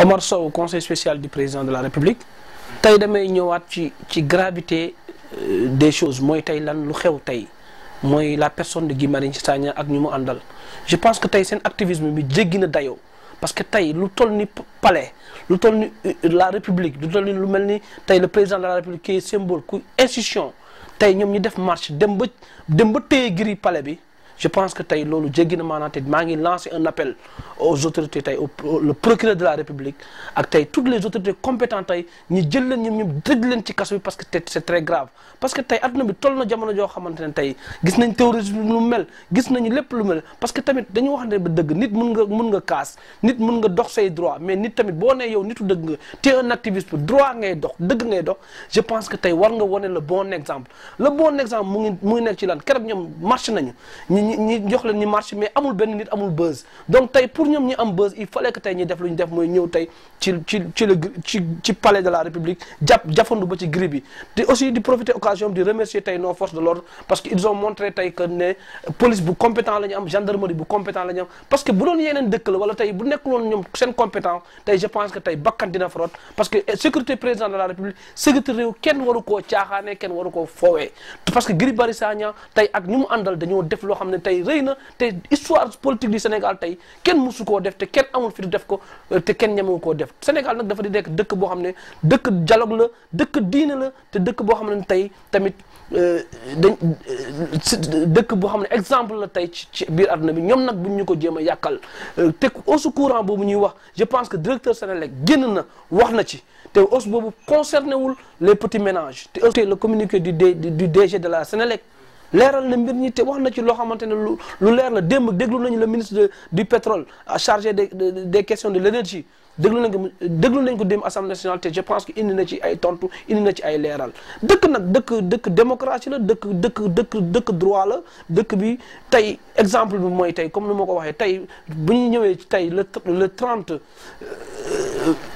Omar Sow conseil spécial du président de la République Tay damay ñëwaat ci ci gravité euh, des choses moy tay lan lu xew tay moy la personne de Guy Marius Sagna ak ñu mu andal. je pense que tay sen activisme bi jéggi dayo parce que tay lu toll ni palais lu toll ni euh, la république lu toll ni lu melni tay le président de la république qui est symbole ku institution tay ñom ñu def marche dem ba dem ba téye giri palais bi je pense que tey loolu jéggi na maanaam te lancer un appel aux autorités tey le procureur de la république ak tey toutes les autorités compétentes tey ni jël leen ñoom ñoom dëgg leen ci kaso bi parce que tey c'est très grave parce que tey adduna bi toll na jamono joo xamante ne tey gis nañ terrorisme lu mel gis nañu lépp lu mel parce que tamit dañu wax ne ba dëgg nit mun nga mun nga kaas nit mun nga dox say droit mais nit tamit boo nee yow nitu dëgg nga te un activiste droit ngay dox dëgg ngay dox je pense que tey war nga wane le bon exemple le bon exemple mu ngi mu ngi nekk ci lan keroog ñoom marché nañu ñi ni leen ñi marché mais amul ben nit amul buzz donc tay pour ñom ñi am buzz il fallait que tay ñi def lu ñu def moy ñew tay ci ci ci le ci palais de la république jàpp jafandu ba ci gri bi te aussi di profiter occasion di remercier tay nos forces de l'ordre parce que ils ont montré tay que né police bu compétent la ñu am gendarmerie bu compétent la ñu am parce que bu doon yenen dëkk la wala tey bu nekkul woon ñoom seen compétent je pense que tay bakkan dina frotte parce que sécurité président de la république sécurité ken kenn waru koo caaxaanee kenn waru parce que gribe Marius Sagna tey ak ñum andal dañu def lo xam tey rëy na te histoire politique du Sénégal tey kenn musu koo def te kenn amul fi def ko euh, te kenn ñemewu koo def Sénégal nag dafa di nekk dëkk boo xam ne dëkk dialogue la dëkk diine la te dëkk boo xam ne tey tamit euh, dañ euh, dëkk boo xam ne exemple la tey ci ci biir àdduna bi ñoom nag buñ ñu ko jéem a yàkkal te hausse courant boobu ñuy wax je pense que directeur Sénélec génn na wax na ci te hausse boobu concerné wul les petits ménages te le communiqué du du DG de la Sénélec leral na mbir ñi te wax na ci lo xamantene lu lu leer la démb déglu nañu le ministre du pétrole chargé des des questions de l'énergie déglu nañ ko déglu nañ ko dem assemblée nationale te je pense que indi na ci ay tontu indi na ci ay leral dëkk nak dëkk dëkk démocratie la dëkk dëkk dëkk dëkk droit la dëkk bi tay exemple bi moy tay comme ni ma ko waxee tey bu ñu ñëwee tey le le 30 euh,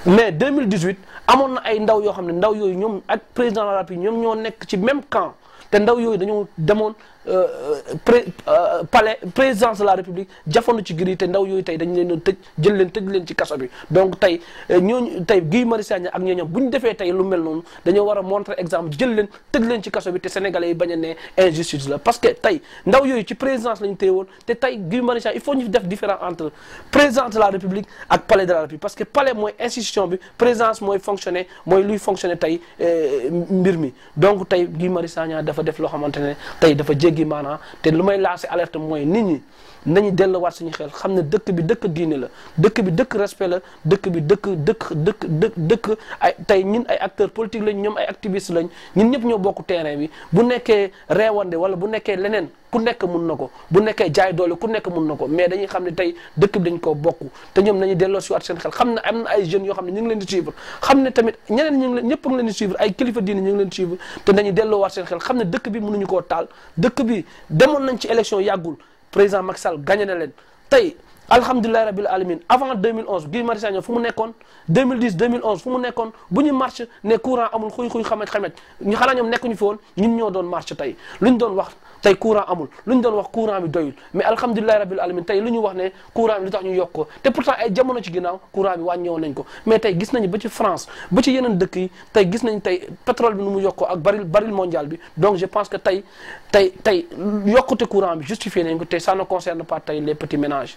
mai 2018 amon na ay ndaw yo xamné ndaw yooyu ñom ak président de la République ñoom ñoo nekk ci même camp. te ndaw yooyu dañoo demoon Euh, euh, euh, palais présidence de la république jafandu ci ngir yi ndaw yoy tay dañ leen doon jël leen tëj leen ci kasso bi donc tay ñooñu tay Guy Marius Sagna ak ñooñu bu défé tay lu mel non dañoo wara montrer exemple jël leen tëj leen ci kasso bi té sénégalais yi baña né injustice la parce que tay ndaw yoy ci présidence la ñu téye woon Guy Marius il faut ñu def différent entre présidence de la république ak palais de la république parce que palais moy institution bi présidence moy fonctionner moy luy fonctionner tay mbir mi donc tay Guy Marius dafa def lo xamantene tay dafa jéggi maanaa te lu may lancé alerte mooy nit ñi nañu delluwaat suñu xel xam ne dëkk bi dëkk diine la dëkk bi dëkk respect la dëkk bi dëkk dëkk dëkk dëkk dëkk ay tey ñun ay acteur politique lañ ñoom ay activiste lañ ñun ñëpp ñoo bokk terrain bi bu nekkee reewande wala bu nekkee leneen ku nekk mun na ko bu nekkee jaay doole ku nekk mun na ko mais dañuy xam ne tey dëkk bi dañ koo bokk te ñoom nañu delloo si waat seen xel xam ne am ay jeunes yoo xam ne ñu ngi leen di xam ne tamit ñeneen ñu ngi leen ñëpp ngi leen di suivre ay kilifa diine ñu ngi leen di suivre te nañu delloo waat seen xel xam ne dëkk bi mënuñu koo taal dëkk bi demoon nañ ci élection yàggul président Macky Sall gagné na leen tey Alhamdulillah, rabil alamin avant 2011 Guy Marius Sagna fu mu 2010 2011 fu mu nekkoon marche né courant amul xuy xuy xamet xamet ñu xanaa ñoom nekkuñu ñun ñoo doon marche tey lu doon wax courant amul luñ doon wax courant bi doyul mais Alhamdulillah, rabil alamin tay luñu wax ne courant bi tax ñu yokko té pourtant ay jamono ci ginnaw courant bi wàññeewoon nañ ko mais tay gis nañu ba ci France ba ci yeneen dëkk yi tay gis nañ tay pétrole bi nu mu yokko ak baril baril mondial bi donc je pense que tay tay yokku te courant bi justifié nañ ko tay ça ne concerne pas tay les petits ménages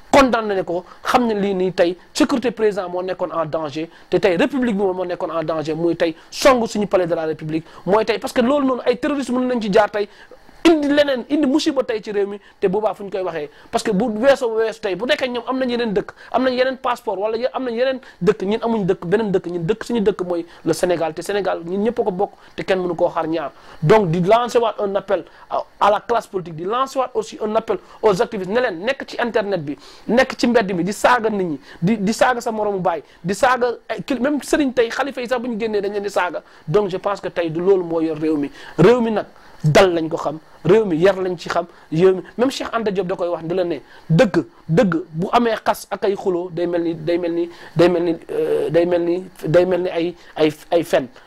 condamné ko xamné li ni tay sécurité président mo nekkoon en danger té tay république mo moom en danger moy tay songu suñu palais de la république moy tay parce que loolu non ay terroristes mën nañ ci jaar tay indi leneen indi ba tey ci réew mi te boobaa fu ñu koy waxee parce que bu weesoo weesu tey bu nekkee ñoom am nañ yeneen dëkk am nañ yeneen passeport wala am nañ yeneen dëkk ñun amuñ dëkk beneen dëkk ñun dëkk suñu dëkk mooy le Sénégal te Sénégal ñun ñëpp ko bokk te kenn mënu ko xaar ñaar donc di lancer waat un appel la classe politique di lancer waat aussi un appel aux activistes nekk ci internet bi nekk ci mbedd mi di saaga nit ñi di di saaga sa moromu baay di saaga eh, même sëriñ tey xalifa yi sax bu ñu génnee dañ leen di saaga donc je que tey du loolu moo yor réew mi réew nag même Cheikh da koy ne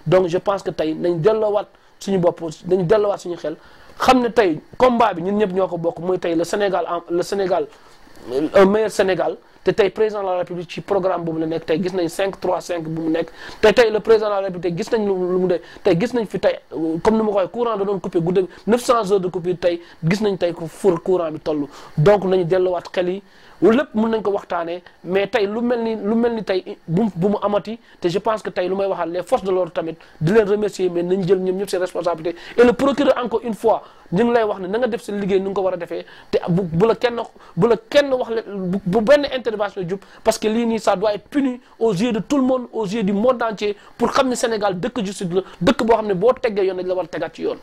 donc je pense que tey nañ delloowaat suñu bopp nañ delloowaat suñu xel combat le Sénégal le Sénégal euh, un meilleur Sénégal te tey président de la république ci programme bu mu la nekk gis nañ 5 3 5 bu mu nekk tay tey le président de la république gis nañ lu mu de tay gis nañ fi tay comme ni ma courant da doon couper goudé 900 heures de coupure tay gis nañ tay ko four courant bi tollu donc nañ nañu wat xel yi lepp mën nañ ko waxtané mais tay lu melni lu melni tay tey bu mu amati té je pense que tay lu may waxal les forces de l'ordre tamit di leen remercier mais nañ jël ñoom ñëpp seen responsabilité et le procureur encore une fois ñu ngi lay wax ni nga def seen liggéey ñu ko wara défé té bu la kenn bu la kenn wax bu benn intérêt parce que l'ini ça doit être puni aux yeux de tout le monde aux yeux du monde entier pour que le Sénégal le justice je suis boo xam ne que je suis dañ la war